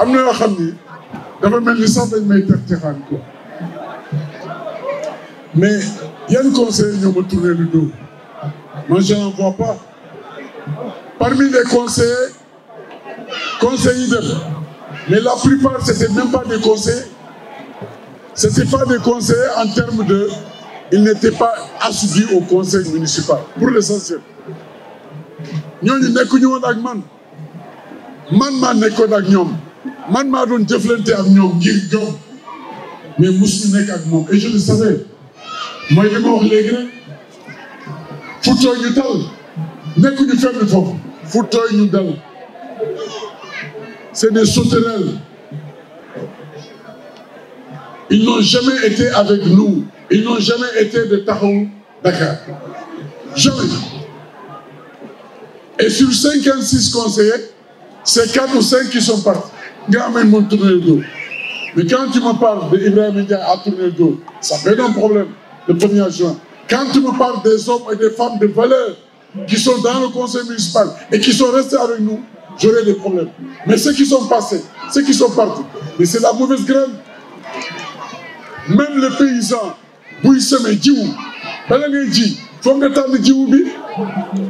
am na yoo xam ni dafa mel ni sax dañ may teg ci xaan quoi mais yan conseil ñoo ma tourné le dos moi je n'en vois parmi les conseillers conseils yi mais la plupart c'était même pas des conseils c'était pas des conseillers en termes de ils n'étaient pas assidus au conseil municipal pour l'essentiel ñooñu nekkuñu woon ak man man maa nekkoon ak ñoom man maa doon jëflante ak ñoom ngir jom mais musuñu nekk ak moom et je le savais mooy li ma wax léegi rek fu tooy ñu dal nekkuñu fenn foofu ñu dal c'est des sauterelles ils n'ont jamais été avec nous ils n'ont jamais été de Taxawu Dakar jamais et sur cinquante six c'est quatre ou cinq qui sont partis nga amee mu tourner le dos mais quand tu me parles de Ibrahima Ndiaye à tourner le dos ça quand tu me parles des hommes et des femmes de valeur qui sont dans le conseil municipal et qui sont restés avec nous j'aurai des problèmes mais ceux qui sont passés ceux qui sont partis mais c'est la mauvaise graine même le paysan buy semé jiwu bala ngay ji foog nga tànn jiwu bi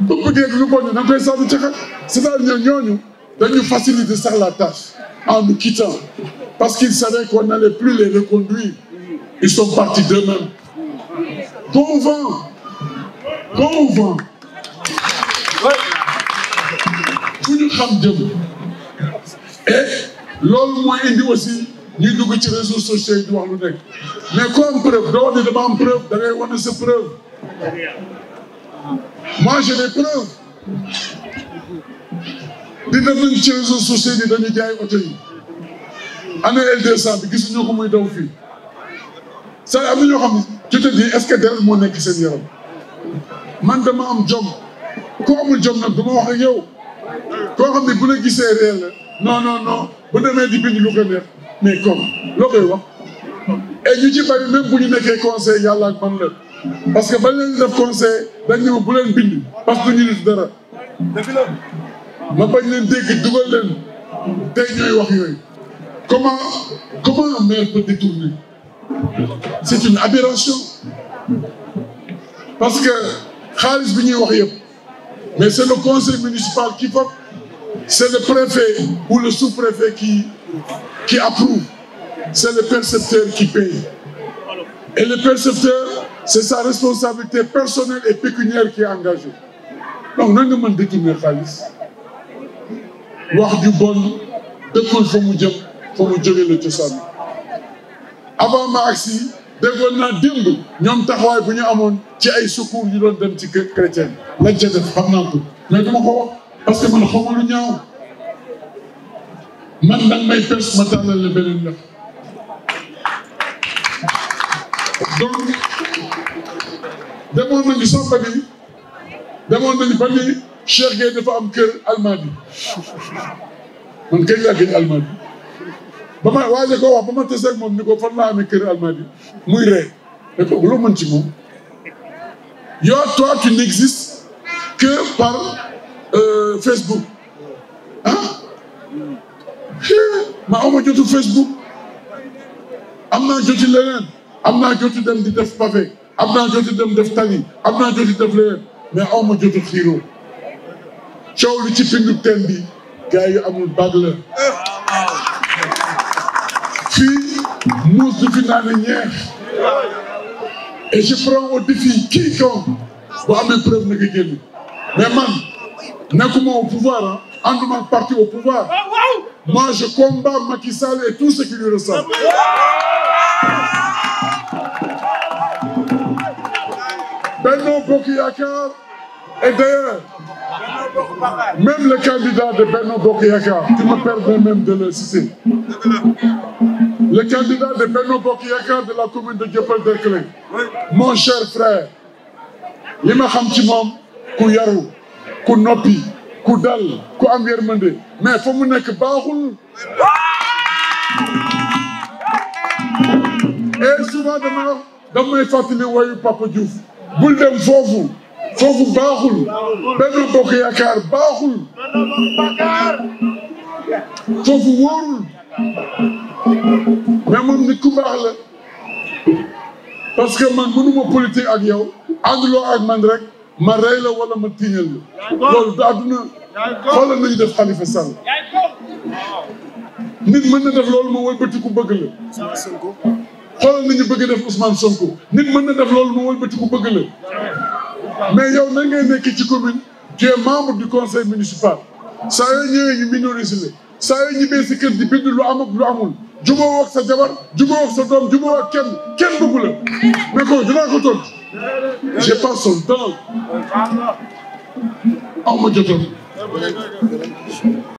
bu bëggee lu bon da nga dañu faciliter sax la tâche en nous quittant parce qu'ils savaient qu'on n'allait plus les reconduire ils sont partis d'eux-mêmes bon vent bon vent fu ñu xam jëm et loolu mooy indi aussi ñuy dugg ci réseaux sociaux yi di wax mais ko preuve doo di dama preuve da ngay wane moi j'ai des preuves di dem nañ ci réseaux sociaux jaay oto yi année L200 bi gisuñu ko muy daw fii say am na ñoo xam ne je te ce que deret moo nekk seen yaram man dama am jom ku amul jom nag duma wax ak yow koo xam ne bu la gisee réel la non non bu demee di bind lu ko neex mais comme loo koy wax et ñu ci bari même bu ñu nekkee conseil yàlla ak man parce que bañ leen def conseil dañ ne bu leen bind parce que ñu def dara ma bañ leen dégg dugal le tey wax yooyu comment comment un peut détourner c'est une aberration parce que xaalis bi ñuy wax yëpp mais le conseil municipal qui vote c'est le préfet ou le sous-préfet qui qui approuve c'est le percepteur qui paye et le percepteur c'est sa responsabilité personnelle et pécuniaire qui est engagée mën détourner wax ju bon dëkkul fa mu jëm fa mu jóge la cosaan avant ma agsi déggoon naa démb ñoom taxawaay bu ñu amoon ci ay secours yu doon dem ci kër chrétien lañ ca def duma ko wax parce que man xawma lu ñaaw man nag may pes ma tànnal la beneen def donc demoon nañu sàmba bi demoon nañu ba ni Cheikh Gueye dafa am kër Almadi man kañ laa gëj Almadi ba ma waaye ko wax ba ma tase ak moom ni ko fan laa amee kër Almadi muy ree ne ko loo mën ci moom yow toi tu n'existes que par euh, Facebook ah maa ama jotu Facebook am naa joti leneen am naa joti dem di def pavé am naa joti dem def tani am naa joti def leneen mais ama jotu xiiroo coow li ci pindu teen bi gars amul bag la fii muus du fi naan ñeex et je prends au défi quiconque bu amee preuve na nga génn mais man nekkuma au pouvoir ah ànduma au pouvoir moi je combats Macky Sall et tout ce qui lui ressemble Benno Bokk Yaakaar et d'ailleurs même le candidat de Benno Bokk Yakaar tu me permets même de le citer le candidat de Benno Bokk Yakaar de la commune de Dieuppeul-Derklé mon cher frère li ma xam ci moom ku yaru ku noppi ku dal ku am yërmande mais fa mu nekk baaxul et souvent dama damay fàttali wayu Papa Diouf bul dem foofu foofu baaxul benn bokk yaakaar baaxul foofu wóorul mais nit ku baax la parce que man mënuma politique ak yow ànduloo ak man rek ma rey wala ma tiñal la loolu nit na def loolu ma wëlbatiku bëgg la xoolal nañu bëgg def Ousmane Sonko nit mën na def loolu ma wëlbatiku bëgg la mais yow na ngay nekk ci commune tu es membre du conseil municipal saa yoo ñëwee ñu minorise la saa yoo ñibbee si kër di bind lu am ak lu amul jubóo sa jabar jubóo ak sa doom jubóo ak kenn kenn bëggu la mais ko dinaa ko tontu j'ai pas son temps aw ma jotoon